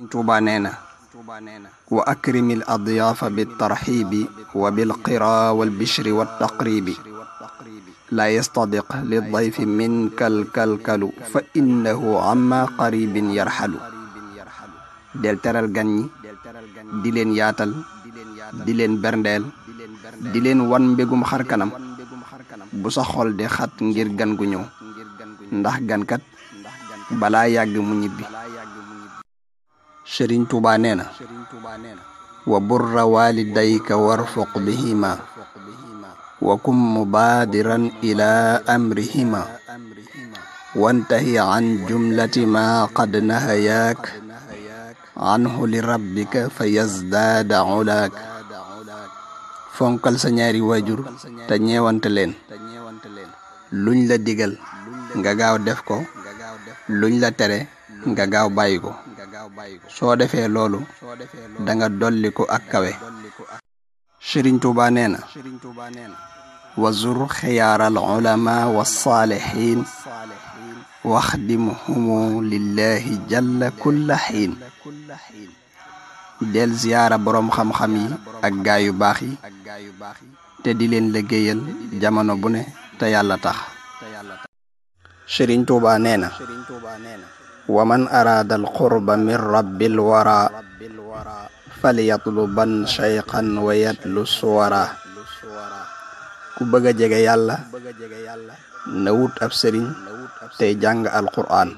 انتو بانينا وأكرم الأضياف بالترحيب وبالقراء والبشر والتقريب لا يصطدق للضيف منك الكلكل فإنه عما قريب يرحل دلتر الجني دلين ياتل دلين برندل دلين وان بيغم خركنم بوسا خول دي خات غير غنغنيو ndax gan kat bala yag mu ñibbi sëriñ tuuba nee na wa burra waalidayka warfoq bihima wa kun mubaadiran ilaa amrihima wantahi an jumlati maa qad nahayaak anhu li rabbika fa yazdaada ulaak fonkal sa ñaari waajur te ñeewante leen luñ la digal nga gaaw def ko luñ la tere nga gaaw bàyyi ko soo defee loolu da nga dolli ko ak kawe sëriñ tuuba nee na wa zur xiyaaral ulama wa saalihin waxdimhumu lillahi jalla kulla xiin del ziyaara boroom xam-xam yi ak gaay yu baax yi te di leen liggéeyal jamono bu te yàlla tax wa man araada alqurba min rabbil wara falyatluban shayqan wa yatlu suwara ku bëgg a jege yàlla na wut ab sëriñ tey jàng alquraan